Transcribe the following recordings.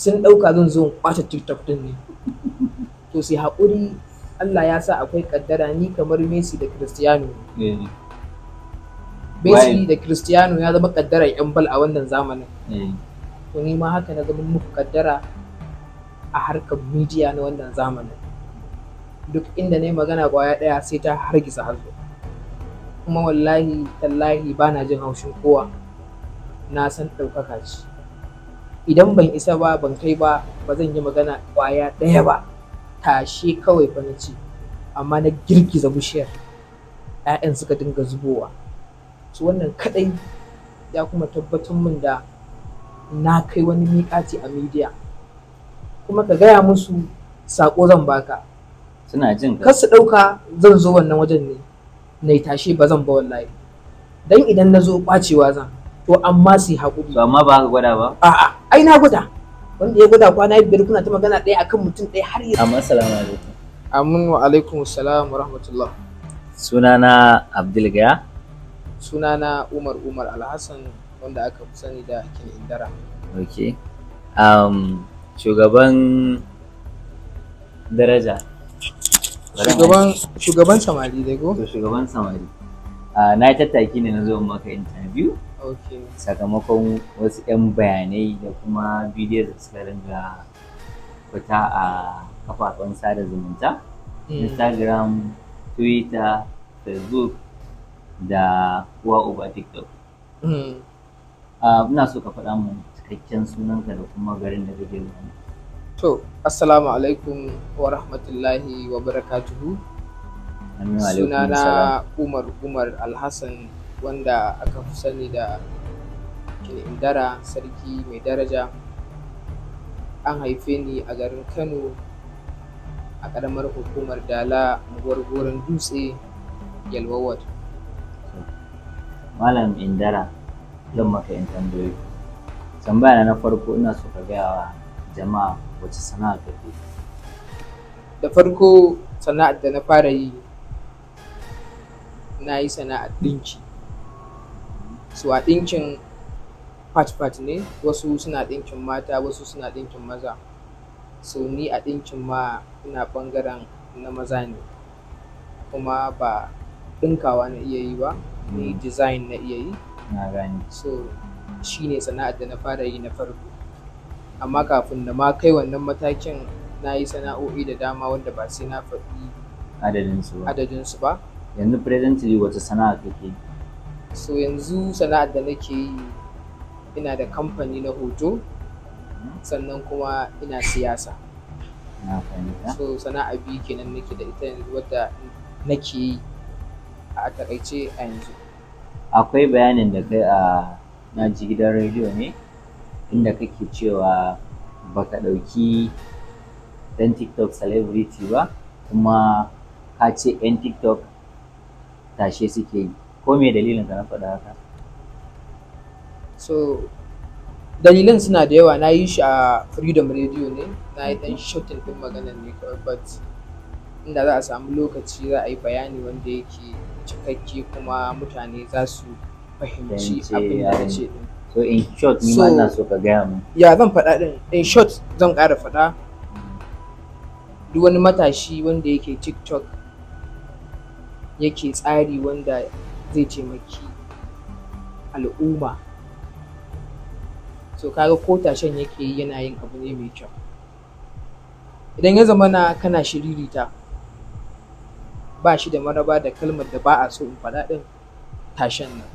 sun ɗauka zan zo kwace tiktok ɗin ne to sai haƙuri Allah ya sa akwai kaddara ni kamar Messi da Cristiano eh. Messi da Cristiano ya zama kaddara yan bal a wannan zamanin eh. to ni ma haka na zama muku kaddara a harkar media na wannan zamanin duk inda ne magana kwaya ɗaya sai ta hargitsa hazo kuma wallahi tallahi ba na jin haushin kowa na san ɗaukaka ci. idan ban isa ba ban kai ba ba zan yi magana kwaya ɗaya ba tashe kawai ba na ce amma na girgiza bishiyar 'ya'yan suka dinga zubowa su wannan kaɗai ya kuma tabbatar min da na kai wani miƙati a midiya kuma ka gaya musu saƙo zan baka suna jin ka su ɗauka zan zo wannan wajen ne na tashe ba zan ba wallahi dan idan na zo ɓacewa zan to amma su yi haƙuri ba amma ba ka gwada ba a'a ai na gwada wanda ya gwada kwana biyar kuna ta magana ɗaya akan mutum ɗaya har yanzu amma assalamu alaikum amin wa alaikum assalam rahmatullah sunana abdul gaya sunana umar umar alhassan wanda aka fi sani da kin indara okay um, shugaban daraja shugaban shugaban samari dai go? shugaban samari uh, na yi tattaki ne na zo maka interview sakamakon wasu 'yan bayanai da kuma bidiyo da suka ringa fita a kafafen sada zumunta hmm. instagram twitter facebook da kuwa uba tiktok hmm. ina so ka faɗa mun cikakken sunanka da kuma garin da kake zuwa to assalamu alaikum wa rahmatullahi wa barakatuhu sunana umar umar alhassan wanda aka fi sani da indara sarki mai daraja an haife ni a garin kano a ƙaramar hukumar dala unguwar goron dutse yalwawar malam indara zan maka yan tambayoyi tambaya na farko ina so ka gaya wa jama'a wace sana'a kake da farko sana'ar da na fara yi na yi sana'ar ɗinki su a ɗinkin part-part ne wasu suna ɗinkin mata wasu suna ɗinkin maza so ni a ɗinkin ma ina ɓangaren na maza ne kuma ba ɗinkawa na iya yi ba ni mm. design na iya yi so shi ne sana'ar da na fara yi na farko amma kafin da ma kai wannan matakin na yi sana'o'i da dama wanda ba sai na faɗi adadinsu ba yanzu presently wata sana'a kake so yanzu sana'ar da nake yi ina da kamfani na hoto sannan kuma ina siyasa so sana'a biyu kenan nake da ita yanzu wadda nake yi a takaice a yanzu akwai bayanin da kai a na ji gidan rediyo ne inda kake cewa baka ɗauki ɗan tiktok celebrity ba kuma ka ce 'yan tiktok tashe suke yi ko me dalilin ka na faɗa haka so dalilan suna da yawa na yi shi a freedom radio ne na yi dan shotin din maganar ne kawai but inda za a samu lokaci za a yi bayani wanda yake cikakke kuma mutane za su fahimci abin da ce din so in short ni ma ina so ka gaya mu ya zan faɗa din in short zan ƙara faɗa duk wani matashi wanda yake tiktok yake tsari wanda zai taimaki al'umma so kaga ko tashen yake yi yana yin abu ne mai kyau idan ya zama na kana shiririta ba shi da maraba da kalmar da ba a so in faɗa ɗin tashen nan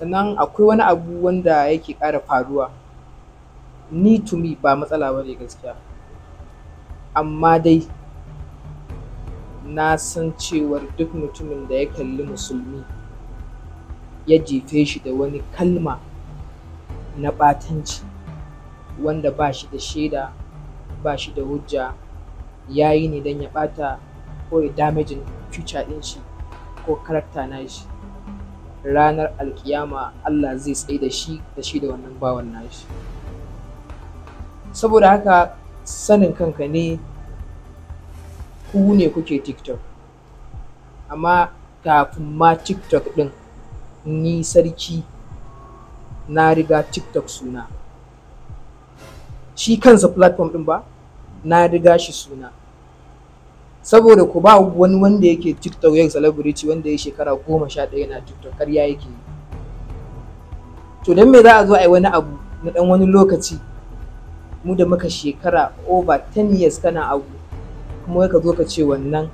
sannan akwai wani abu wanda yake ƙara faruwa ni to me ba matsala ba ne gaskiya amma dai na san cewar duk mutumin da ya kalli musulmi ya jefe shi da wani kalma na ɓatanci wanda ba shi da shaida ba shi da hujja ya yi ne don ya ɓata ko ya damajin future ɗin shi ko karakta na shi ranar alkiyama Allah zai tsaye da shi da shi da wannan bawan shi. saboda haka sanin kanka ne ku ne kuke tiktok amma kafin ma tiktok ɗin ni sarki na riga tiktok suna shi kansa platform ɗin ba na riga shi suna saboda ku ba wani wanda yake tiktok yau celebrity wanda ya shekara goma sha ɗaya na tiktok ya yake yi to don me za a zo a yi wani abu na ɗan wani lokaci mu da muka shekara over 10 years kana abu kuma wai ka zo ka ce wannan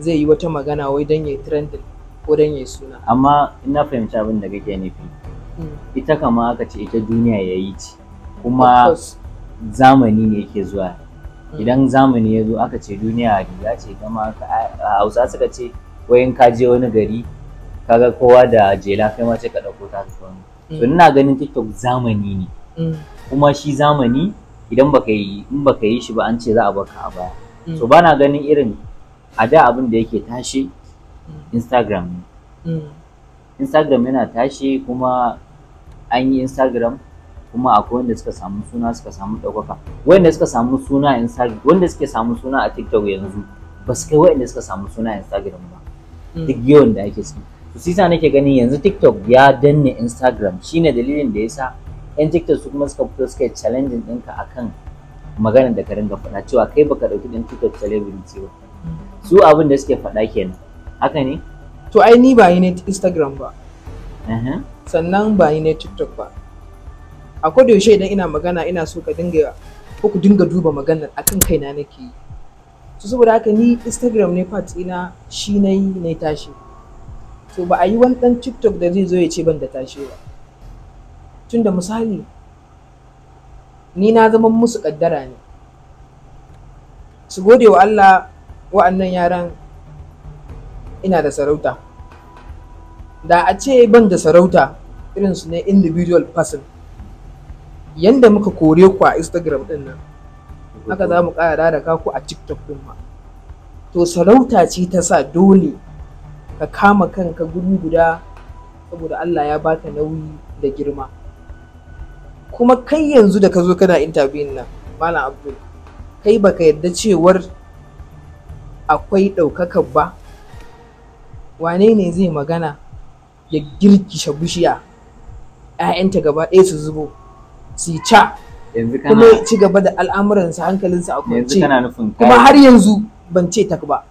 zai yi wata magana wai dan ya trending ko don ya suna amma ina fahimci abin da kake nufi hmm. ita kama aka ce ita duniya ya yi ci kuma zamani ne yake zuwa hmm. idan zamani ya zo aka ce duniya riga ce kama hausa suka ce wayan ka je wani gari kaga kowa da jela kai ma ce ka ɗauko ta wani to hmm. ina ganin tiktok zamani ne kuma shi zamani idan baka yi baka yi shi ba an ce za a baka a baya Mm. so ba na ganin irin a da abin da yake tashi mm. instagram ne mm. instagram yana tashi kuma an yi instagram kuma akwai wanda suka samu suna suka samu ɗaukaka wanda suka samu suna instagram wanda suke samu suna a tiktok yanzu ba su kai wanda suka samu suna instagram ba duk yawan da ake su su sisa nake ganin yanzu tiktok ya danne instagram shine dalilin da yasa yan tiktok su kuma suka fito suka yi challenging ɗinka akan maganar da ka ringa faɗa cewa kai baka ɗauki ɗan tutar celebrity ba su abin da suke faɗa kenan haka ne to ai ni ba yi ne instagram ba sannan ba ni ne tiktok ba a da yaushe idan ina magana ina so ka dinga ko ku dinga duba maganar akan kaina nake yi to saboda haka ni instagram ne part ina shi na yi na tashi to ba a yi wani dan tiktok da zai zo ya ce ban da tashi ba tunda misali ni na zama musu kaddara ne su gode wa Allah wa'annan yaran ina da sarauta da a ce ban da sarauta irin su ne individual person yanda muka kore ku a instagram din nan haka za mu ƙara da ku a tiktok din to sarauta ce ta sa dole ka kama kanka guri guda saboda Allah ya baka nauyi da girma kuma kai yanzu da ka zo kana intabiyin nan malam abdul kai baka yadda cewar akwai ɗaukakar ba wane ne zai magana ya girkisha bishiya ‘ya'yanta gaba ɗaya su zubo su ca kuma ci gaba da al'amuransa hankalinsa a kwance kuma har yanzu ban ce tak ba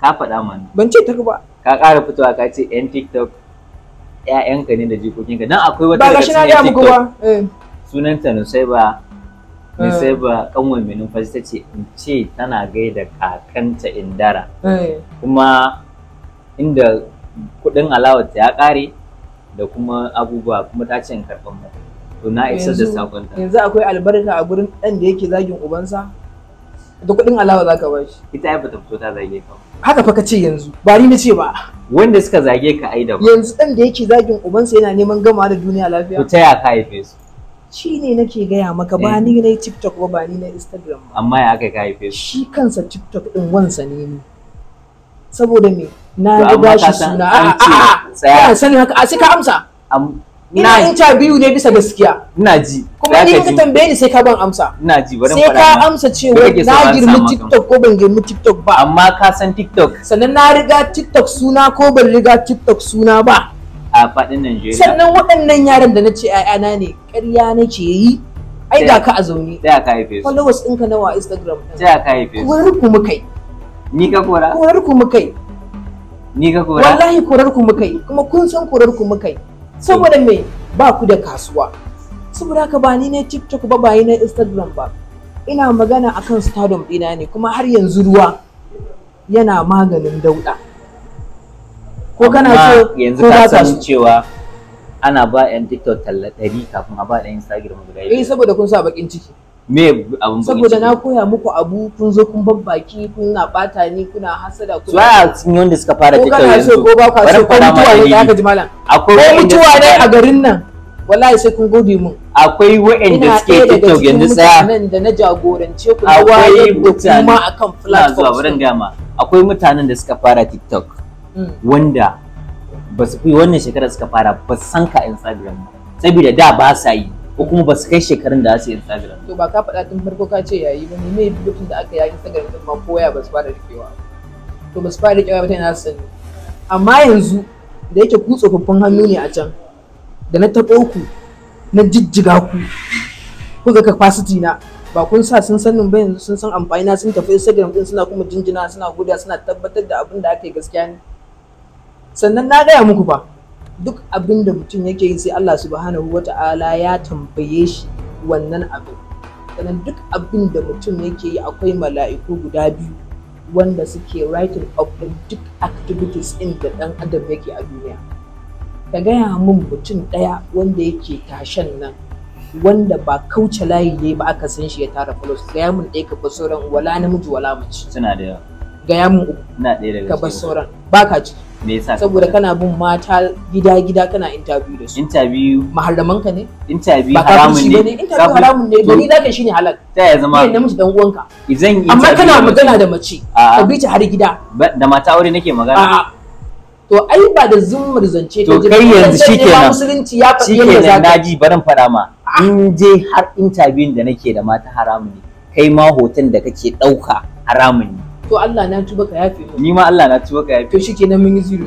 ka faɗa mana ban ce tak ba ka ƙara fitowa ka ce ‘yan tiktok ƴaƴanka ne da jikokinka dan akwai wata daga cikin ne eh. sunanta Nusaiba eh. Nusaiba kanwar mai numfashi ta in ce tana gaida kakanta Indara eh. kuma inda kudin alawar ta ya kare da kuma abubuwa kuma ta ce in karɓar mata to na isa da sakon ta yanzu akwai albarka a gurin ɗan da yake zagin ubansa da kudin alawa zaka ba ita ai bata fito ta zage ka haka fa ka ce yanzu ba ni na ce ba wanda suka zage ka ai daban yanzu dan da yake zagin ubansa yana neman gama da duniya lafiya to taya ka haife su shi ne nake gaya maka ba ni eh. na tiktok ba ba ni na instagram ba amma ya kai ka haife su shi kansa tiktok din wansa ne ni saboda me na ga shi suna a a a sani haka a sai ka amsa ina in ta biyu ne bisa gaskiya ina ji kuma ni ka tambaye ni sai ka ban amsa ina ji bari sai ka amsa cewa na girmi tiktok ko ban girmi tiktok ba amma ka san tiktok sannan na riga tiktok suna ko ban riga tiktok suna ba a fadin Najeriya sannan waɗannan yaran da na ce ‘ya'yana ne ƙarya nake yi ai ga ka a zaune da ka haife su followers ɗinka nawa instagram da ka haife su korar ku muka yi ni ka kora korar ku muka yi ni ka kora wallahi korarku ku muka yi kuma kun san korarku ku muka yi saboda me ba ku da kasuwa saboda haka ba ni na tiktok ba ba na instagram ba ina magana akan stardom ɗina ne kuma har yanzu ruwa yana maganin dauɗa ko kana so yanzu ka san cewa ana ba 'yan tiktok talla 100 kafin a ba ɗan instagram guda eh saboda kun sa bakin ciki me abun saboda na koya muku abu kun zo kun babbaki kuna bata ni kuna hasada kuna zuwa sun wanda suka fara tattaunawa ko kana so ko ba ka so ko mutuwa ne aka ji malam akwai mutuwa ne a garin nan wallahi sai kun gode mun akwai waɗanda suke tattaunawa yanzu tsaya nan da na jagorance ku na waye kuma akan platform zuwa wurin gama akwai mutanen da suka fara TikTok mm. wanda ba su fi wannan shekarar suka fara ba san ka Instagram saboda da ba sa yi ko kuma ba su kai shekarun da su Instagram. To ba ka faɗa tun farko ka ce yayi ba ne mai lokacin da aka yi Instagram din ma koya ba su fara rikewa. To ba su fara rikewa ba ta yana sani. Amma yanzu da yake ku tsofaffin hannu ne a can da na taɓo ku na jijjiga ku ku ga capacity na ba kun sa sun san ba yanzu sun san amfani na sun tafi Instagram din suna kuma jinjina suna guda suna tabbatar da abin da aka yi gaskiya ne. Sannan na gaya muku fa. duk abin da mutum yake yi sai Allah subhanahu wa ta'ala ya tambaye shi wannan abin sannan duk abin da mutum yake yi akwai mala'iku guda biyu wanda suke writing of din duk activities in da dan adam yake a duniya ka gaya mun mutum ɗaya wanda yake tashen nan wanda ba kauce layi ne ba aka san shi ya tara follows gaya mun ɗaya ka bar sauran wala namiji wala mace suna da yawa gaya mun uku ka bar sauran baka ciki me yasa saboda kana bin mata gida gida kana interview da su interview mahallaman ka ne interview haramun ne interview haramun ne dani shi shine halal ta ya zama ne namiji dan uwanka idan amma kana magana da mace ka bi ta har gida da mata aure nake magana to ai ba da zummar zance ta to kai yanzu shikenan musulunci ya faɗi yadda zaka naji barin faɗa ma in je har interview da nake da mata haramun ne kai ma hoton da kake ɗauka haramun ne to Allah na tuba ka yafe mu ni ma Allah na tuba ka yafe to shikenan mun yi zero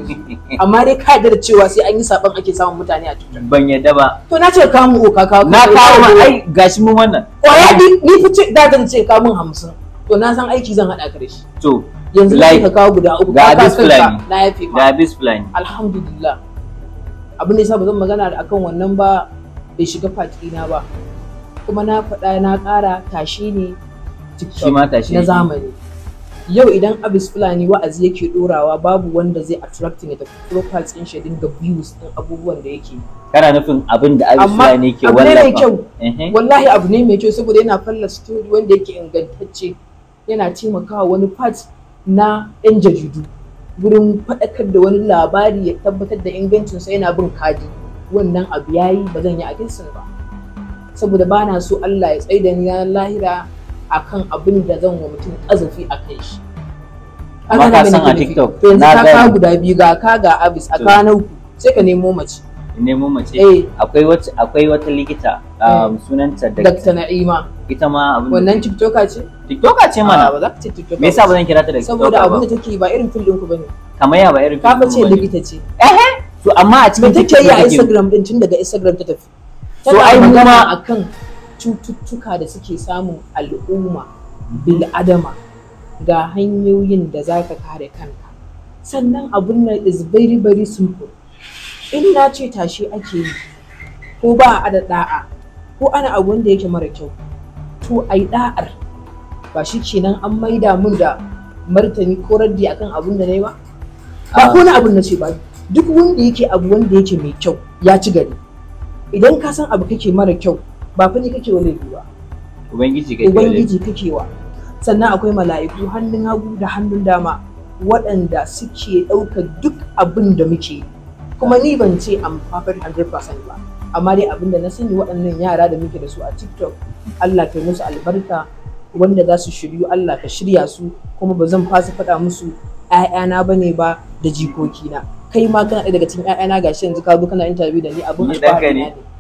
amma dai ka yarda da cewa sai an yi saban ake samun mutane a tutar ban yarda ba to na ce ka mu ka kawo na kawo ma ai gashi mun wannan kwaya ni fice da zan ce ka mun 50 to na san aiki zan hada ka da shi to yanzu ka kawo guda uku ga abis ka na yafe ma ga abis plan alhamdulillah abin da yasa ba zan magana da akan wannan ba bai shiga fati na ba kuma na faɗa na ƙara tashi ne na zamani yau idan abis fulani wa'azi yake dorawa babu wanda zai attract ne da profiles din shi dinga views din abubuwan da yake kana nufin abin da abis fulani ke wallafa amma kyau wallahi abu ne mai kyau saboda yana falla story wanda yake ingantacce yana taimakawa wani part na yan jaridu gurin faɗakar da wani labari ya tabbatar da ingancin sa yana bin kadi wannan abu yayi ba zan yi a ba saboda bana so Allah ya tsaida ni ranar lahira akan abin da zan wa mutum azafi a kai shi amma ka san a tiktok na ga ka guda biyu ga ka ga abis a kanan ku sai ka nemo mace nemo mace eh. akwai wata akwai wata likita eh. um, sunanta Dr. Na'ima ita ma abin wannan tiktoka ce tiktoka ce mana ah, ba za ka ce tiktoka me yasa ba zan kira ta da tiktoka saboda abin da take ba irin fil ku bane kamar ya ba irin fil ka ce likita ce eh to amma a cikin take yi a Instagram din tun daga Instagram ta tafi so ai mu ma akan cututtuka da suke samun al'umma bil adama ga hanyoyin da za ka kare kanka sannan abun nan is very very simple in na ce tashi ake yi ko ba a da da'a ko ana abu wanda yake mara kyau to ai da'ar ba shi kenan an maida mun da martani ko raddi akan abun da na yi ba ba ko na abun na ce ba duk wanda yake abu wanda yake mai kyau ya ci gari idan ka san abu kake mara kyau ba fa ni kake wa laifi ba ubangiji kake ubangiji kake wa sannan akwai mala'iku hannun hagu da hannun dama waɗanda suke ɗaukar duk abin da muke kuma ni ban ce am perfect 100% ba amma dai abin da na sani waɗannan yara da muke da su a TikTok Allah ta musu albarka wanda za su shiryu Allah ka shirya su kuma ba zan fasa faɗa musu ‘ya'yana ba ne ba da jikokina kai ma kana daga cikin ‘ya'yana gashi yanzu ka zo kana interview da ni abin alfahari ne